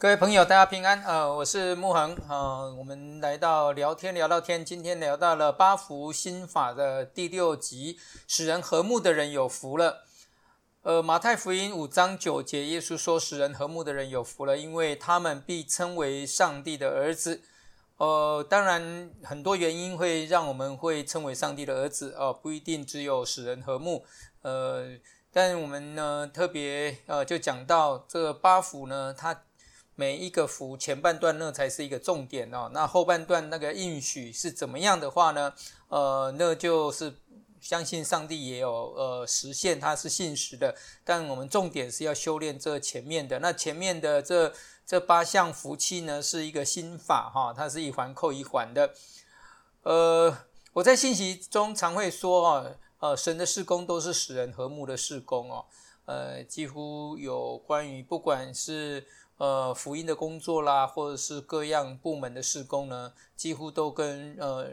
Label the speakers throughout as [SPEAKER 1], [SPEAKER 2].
[SPEAKER 1] 各位朋友，大家平安。呃，我是慕恆。呃，我們來到聊天，聊到天。今天聊到了八福心法的第六集，使人和睦的人有福了。呃，《馬太福音》五章九節，耶穌說：“使人和睦的人有福了，因為他們必稱為上帝的兒子。”呃，當然，很多原因會讓我們會稱為上帝的兒子。哦、呃，不一定只有使人和睦。呃，但我們呢，特別呃，就講到這八福呢，它。每一個福前半段那才是一個重點哦，那後半段那個應許是怎麼樣的話呢？呃，那就是相信上帝也有呃實現，它是信實的。但我們重點是要修煉這前面的。那前面的這這八項福氣呢，是一個心法哈、哦，它是一環扣一環的。呃，我在信息中常會說哦，呃，神的事工都是使人和睦的事工哦。呃，幾乎有關於不管是呃福音的工作啦，或者是各樣部門的事工呢，幾乎都跟呃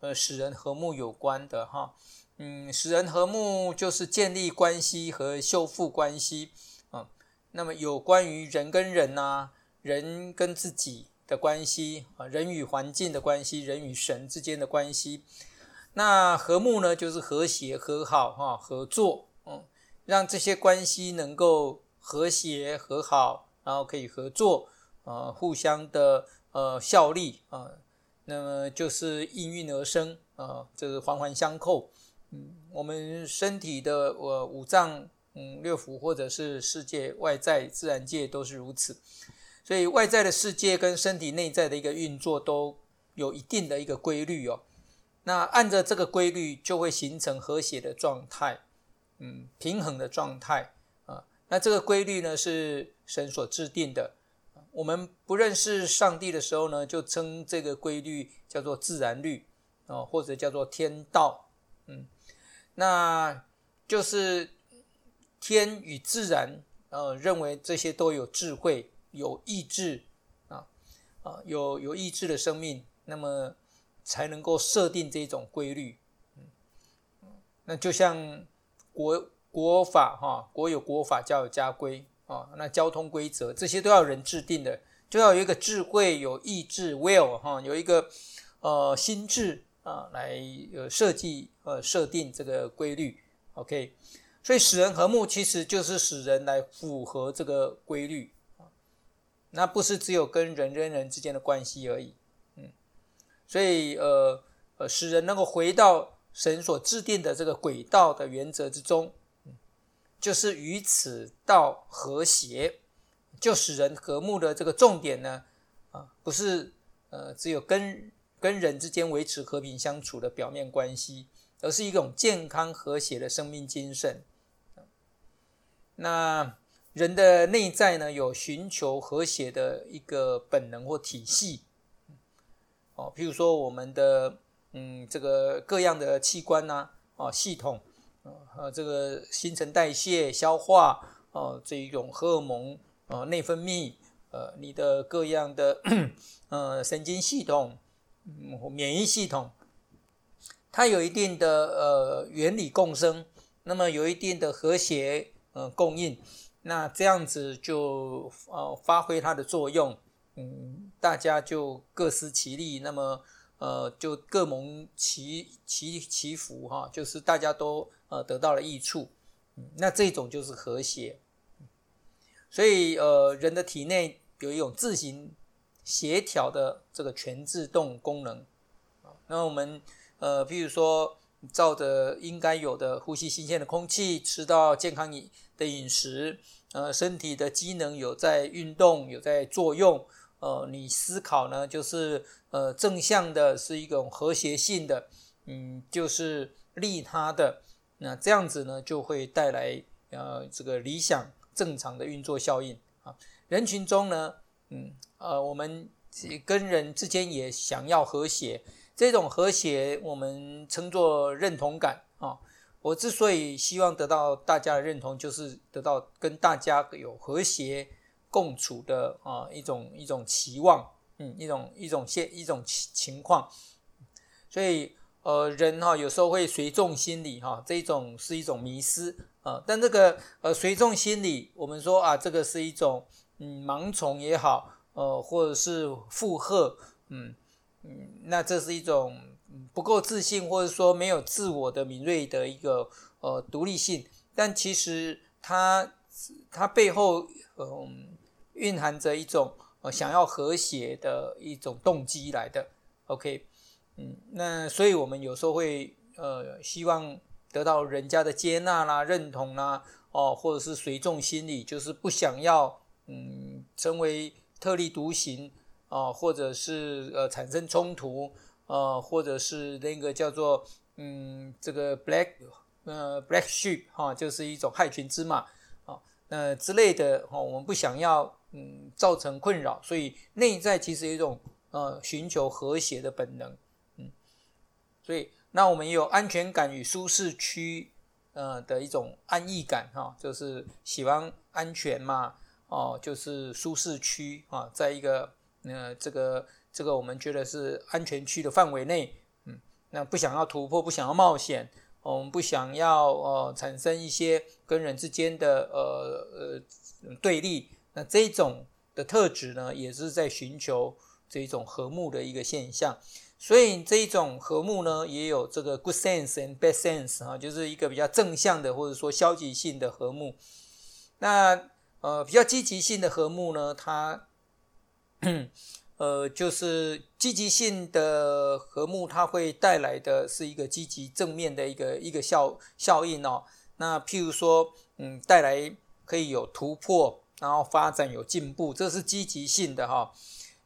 [SPEAKER 1] 呃使人和睦有關的哈。嗯，使人和睦就是建立關係和修復關係啊。那麼有關於人跟人吶、啊，人跟自己的關係啊，人與環境的關係，人與神之間的關係，那和睦呢就是和諧和好哈、啊，合作。讓這些關係能夠和諧和好，然後可以合作，呃，互相的呃效力啊，呃，那麼就是應運而生啊，呃，這是環環相扣。嗯，我們身體的呃五臟嗯六腑，或者是世界外在自然界都是如此，所以外在的世界跟身體內在的一個運作都有一定的一個規律哦。那按照這個規律，就會形成和諧的狀態。平衡的狀態啊，那這個規律呢，是神所制定的。我們不認識上帝的時候呢，就稱這個規律叫做自然律啊，或者叫做天道。嗯，那就是天與自然呃，認為這些都有智慧、有意志啊啊，有有意志的生命，那麼才能夠設定這種規律。嗯，那就像。國國法哈，國有國法，家有家規啊。那交通規則這些都要人制定的，就要有一個智慧、有意志、well 哈，有一個呃心智啊，來呃設計呃設定這個規律。OK，所以使人和睦其實就是使人來符合這個規律啊。那不是只有跟人跟人之間的關係而已，嗯。所以呃呃，使人能夠回到。神所制定的這個軌道的原則之中，就是與此道和諧，就使人和睦的這個重點呢，啊，不是呃，只有跟跟人之間維持和平相處的表面關係，而是一種健康和諧的生命精神。那人的內在呢，有尋求和諧的一個本能或體系。哦，譬如說我們的。嗯，這個各樣的器官吶、啊，啊，系統，啊，這個新陳代謝、消化，啊，這一種荷爾蒙，啊，內分泌，呃、啊，你的各樣的，呃、啊，神經系統、嗯，免疫系統，它有一定的呃原理共生，那麼有一定的和諧，呃供應，那這樣子就呃發揮它的作用，嗯，大家就各司其力，那麼。呃，就各蒙其其其，其福哈，啊，就是大家都呃得到了益處，嗯，那這種就是和諧。所以呃，人的體內有一種自行協調的這個全自動功能。那我們呃，譬如說，照着應該有的呼吸新鮮的空氣，吃到健康飲的飲食，呃，身體的機能有在運動，有在作用。呃，你思考呢，就是呃正向的是一種和諧性的，嗯，就是利他的，那這樣子呢，就會帶來呃這個理想正常的運作效應。啊，人群中呢，嗯，呃，我們跟人之間也想要和諧，這種和諧我們稱作認同感。啊，我之所以希望得到大家的認同，就是得到跟大家有和諧。共處的啊一種一種期望，嗯，一種一種現一種情情況，所以呃人哈、啊、有時候會隨眾心理哈、啊，這一種是一種迷失啊、呃。但這個呃隨眾心理，我們說啊，這個是一種嗯盲從也好，呃或者是附和，嗯嗯，那這是一種不夠自信，或者說沒有自我的敏銳的一個呃獨立性。但其實它它背後嗯。蘊含着一種呃想要和諧的一種動機來的，OK，嗯，那所以我們有時候會呃希望得到人家的接納啦、認同啦，哦，或者是隨眾心理，就是不想要嗯成為特立獨行哦、呃，或者是呃產生衝突哦、呃，或者是那個叫做嗯這個 black、呃、black sheep 哈、啊，就是一種害群之馬。呃之類的哦，我們不想要嗯造成困擾，所以內在其實有一種呃尋求和諧的本能，嗯，所以那我們也有安全感與舒適區呃的一種安逸感哈，哦，就是喜歡安全嘛哦，就是舒適區啊，在一個呃這個這個我們覺得是安全區的範圍內，嗯，那不想要突破，不想要冒險。我們不想要呃產生一些跟人之間的呃呃對立，那這一種的特質呢，也是在尋求這種和睦的一個現象。所以這一種和睦呢，也有這個 good sense and bad sense 啊，就是一個比較正向的，或者說消極性的和睦。那呃比較積極性的和睦呢，它。呃，就是積極性的和睦，它會帶來的是一個積極正面的一個一個效效應哦。那譬如說，嗯，帶來可以有突破，然後發展有進步，這是積極性的哈、哦。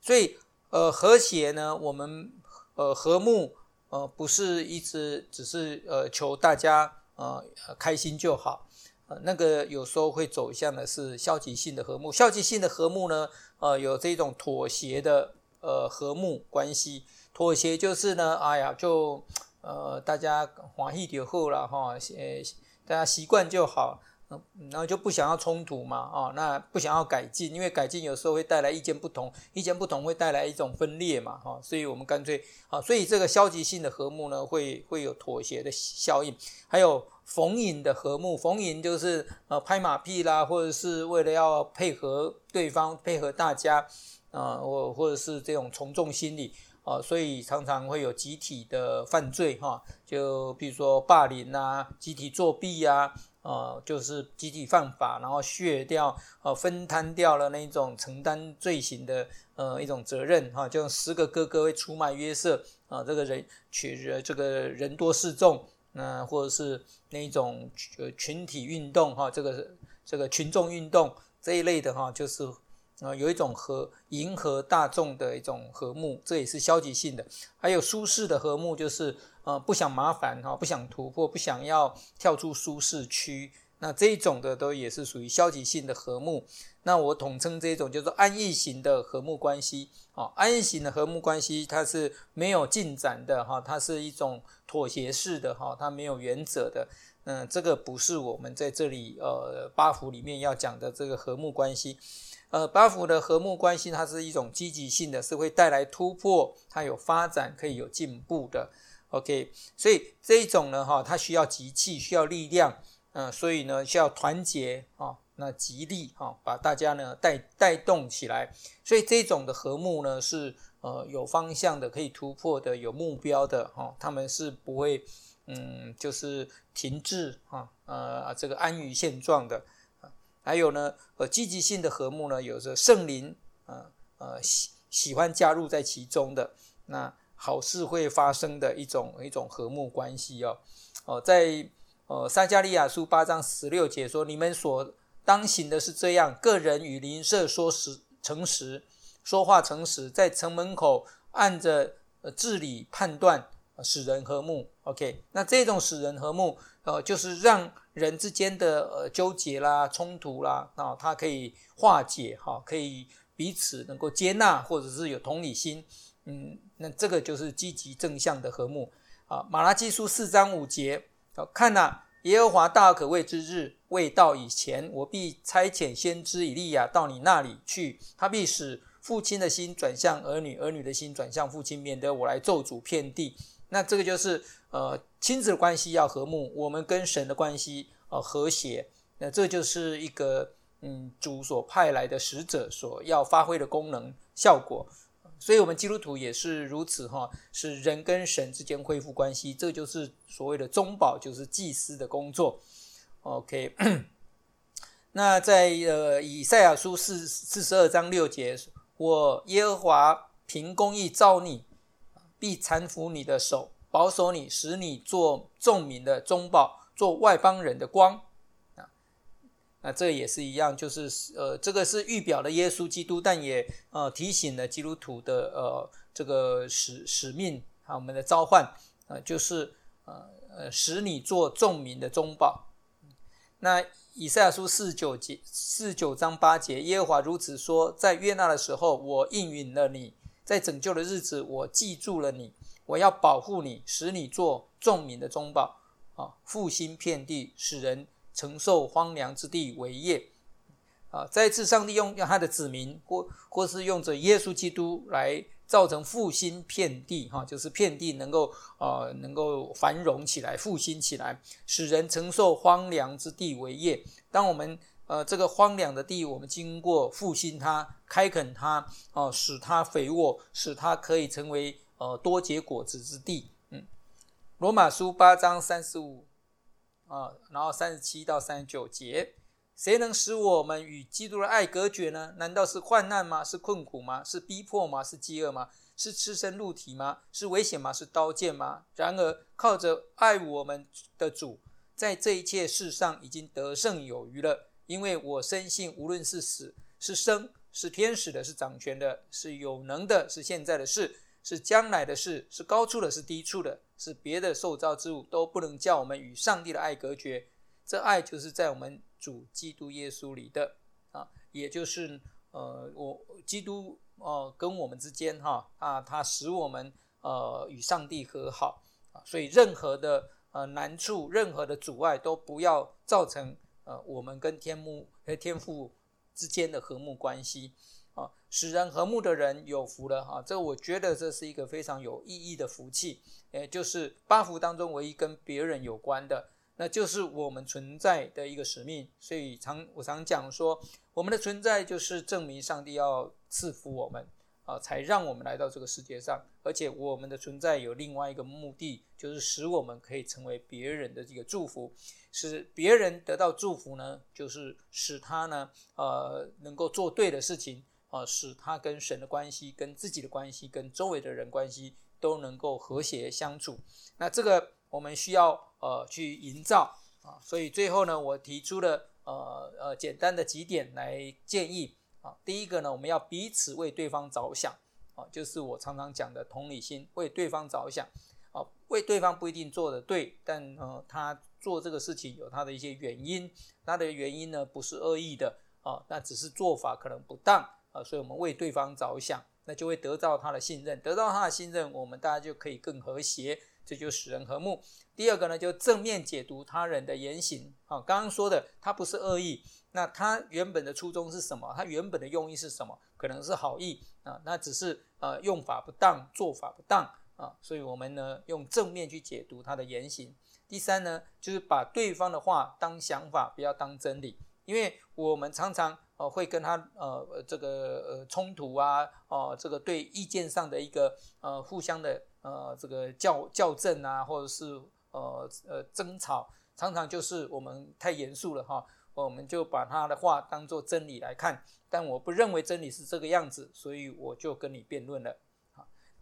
[SPEAKER 1] 所以，呃，和諧呢，我們呃和睦呃不是一直只是呃求大家呃開心就好。呃，那個有時候會走向的是消極性的和睦。消極性的和睦呢，呃，有這種妥協的呃和睦關係。妥協就是呢，哎呀，就呃大家緩一緩和了哈，呃、哦、大家習慣就好、嗯，然後就不想要衝突嘛，啊、哦，那不想要改進，因為改進有時候會帶來意見不同，意見不同會帶來一種分裂嘛，哦，所以我們乾脆啊、哦，所以這個消極性的和睦呢，會會有妥協的效應，還有。逢迎的和睦，逢迎就是呃拍馬屁啦，或者是為了要配合對方，配合大家啊，或、呃、或者是這種從眾心理啊、呃，所以常常會有集體的犯罪哈、啊，就比如說霸凌啊，集體作弊呀、啊，啊，就是集體犯法，然後卸掉啊，分攤掉了那一種承擔罪行的呃一種責任哈、啊，就十個哥哥會出賣約瑟啊，這個人取呃這個人多勢眾。那或者是那種呃群體運動哈，這個這個群眾運動這一類的哈，就是啊有一種和迎合大眾的一種和睦，這也是消極性的。還有舒適的和睦，就是啊不想麻煩哈，不想突破，不想要跳出舒適區。那這一種的都也是屬於消極性的和睦，那我統稱這一種就是安逸型的和睦關係啊、哦，安逸型的和睦關係它是沒有進展的哈，它是一種妥協式的哈，它沒有原則的。嗯，這個不是我們在這裡呃八福裡面要講的這個和睦關係，呃，八福的和睦關係它是一種積極性的，是會帶來突破，它有發展，可以有進步的。OK，所以這一種呢哈，它需要集氣，需要力量。啊、呃，所以呢需要團結啊、哦，那激勵啊、哦，把大家呢帶帶動起來，所以這種的和睦呢是呃有方向的，可以突破的，有目標的哈、哦，他們是不會嗯就是停滯啊、哦，呃這個安於現狀的，還有呢呃積極性的和睦呢，有着聖靈啊呃，呃喜喜歡加入在其中的，那好事會發生的一種一種和睦關係哦哦、呃、在。呃、哦，撒迦利亞書八章十六節說：“你們所當行的是這樣，個人與鄰舍說實誠實，說話誠實，在城門口按着、呃、治理判斷、啊，使人和睦。OK ” OK，那這種使人和睦，呃，就是讓人之間的呃糾結啦、衝突啦，啊，它可以化解哈、啊，可以彼此能夠接納，或者是有同理心，嗯，那這個就是積極正向的和睦啊。馬拉基書四章五節。好，看哪，耶和華大可畏之日未到以前，我必差遣先知以利亞到你那裡去，他必使父親的心轉向兒女，兒女的心轉向父親，免得我來咒詛遍地。那這個就是呃，親子關係要和睦，我們跟神的關係呃和諧，那這就是一個嗯，主所派來的使者所要發揮的功能效果。所以，我們基督徒也是如此，哈，使人跟神之間恢復關係，這就是所謂的中保，就是祭司的工作。OK， 那在呃以賽亞書四四十二章六節，我耶和華憑公義召你，必攙扶你的手，保守你，使你做眾民的中保，做外邦人的光。那、啊、這也是一樣，就是呃，這個是預表了耶穌基督，但也呃提醒了基督徒的呃這個使使命啊，我們的召喚啊、呃，就是呃呃，使你做眾民的中保。那以賽亞書四十九節四十九章八節，耶和華如此說：在悅納的時候，我應允了你；在拯救的日子，我記住了你。我要保護你，使你做眾民的中保啊，復興遍地，使人。承受荒涼之地為業，啊！再次，上帝用用他的子民，或或是用着耶穌基督來造成復興遍地，哈、啊，就是遍地能夠，呃，能夠繁榮起來，復興起來，使人承受荒涼之地為業。當我們，呃，這個荒涼的地，我們經過復興它，開墾它，哦、啊，使它肥沃，使它可以成為，呃，多結果子之地。嗯，《羅馬書》八章三十五。啊，然後三十七到三十九節，誰能使我們與基督的愛隔絕呢？難道是患難嗎？是困苦嗎？是逼迫嗎？是飢餓嗎？是赤身露體嗎？是危險嗎？是刀劍嗎？然而靠着愛我們的主，在這一切事上已經得勝有餘了。因為我深信，無論是死是生，是天使的，是掌權的，是有能的，是現在的事。是將來的事，是高處的，是低處的，是別的受造之物，都不能叫我們與上帝的愛隔絕。這愛就是在我們主基督耶穌裡的啊，也就是呃，我基督呃跟我們之間哈啊，他使我們呃與上帝和好啊，所以任何的呃難處，任何的阻礙都不要造成呃我們跟天母和天父之間的和睦關係。啊，使人和睦的人有福了哈，啊，這我覺得這是一個非常有意義的福氣，哎，就是八福當中唯一跟別人有關的，那就是我們存在的一個使命。所以常我常講說，我們的存在就是證明上帝要賜福我們啊，才讓我們來到這個世界上。而且我們的存在有另外一個目的，就是使我們可以成為別人的這個祝福，使別人得到祝福呢，就是使他呢，呃，能夠做對的事情。啊，使他跟神的關係、跟自己的關係、跟周圍的人關係都能夠和諧相處。那這個我們需要呃去營造啊。所以最後呢，我提出了呃呃簡單的幾點來建議啊。第一個呢，我們要彼此為對方着想啊，就是我常常講的同理心，為對方着想啊。為對方不一定做得對，但呃他做這個事情有他的一些原因，他的原因呢不是惡意的啊，那只是做法可能不當。啊，所以我們為對方着想，那就會得到他的信任，得到他的信任，我們大家就可以更和諧，這就使人和睦。第二個呢，就是正面解讀他人的言行，啊，剛剛說的他不是惡意，那他原本的初衷是什麼？他原本的用意是什麼？可能是好意啊，那只是呃用法不當，做法不當啊，所以我們呢用正面去解讀他的言行。第三呢，就是把對方的話當想法，不要當真理。因為我們常常呃會跟他呃這個呃衝突啊哦，這個對意見上的一個呃互相的呃這個校校正啊，或者是呃呃爭吵，常常就是我們太嚴肅了哈，我們就把他的話當作真理來看，但我不認為真理是這個樣子，所以我就跟你辯論了。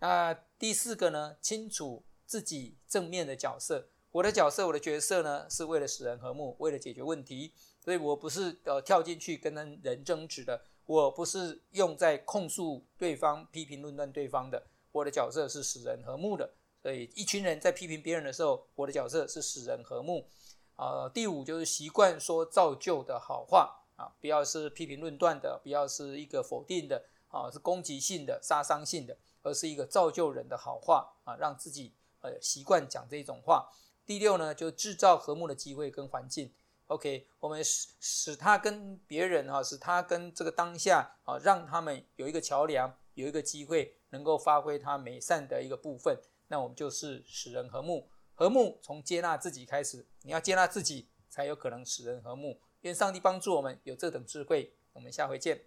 [SPEAKER 1] 那第四個呢，清楚自己正面的角色。我的角色，我的角色呢，是為了使人和睦，為了解決問題，所以我不是呃跳進去跟人爭執的，我不是用在控訴對方、批評論斷對方的。我的角色是使人和睦的，所以一群人在批評別人的時候，我的角色是使人和睦。呃，第五就是習慣說造就的好話啊，不要是批評論斷的，不要是一個否定的啊，是攻擊性的、殺傷性的，而是一個造就人的好話啊，讓自己呃習慣講這種話。第六呢，就製造和睦的機會跟環境。OK，我們使使他跟別人啊，使他跟這個當下啊，讓他們有一個橋樑，有一個機會，能夠發揮他美善的一個部分。那我們就是使人和睦，和睦從接納自己開始。你要接納自己，才有可能使人和睦。願上帝幫助我們有這等智慧。我們下回見。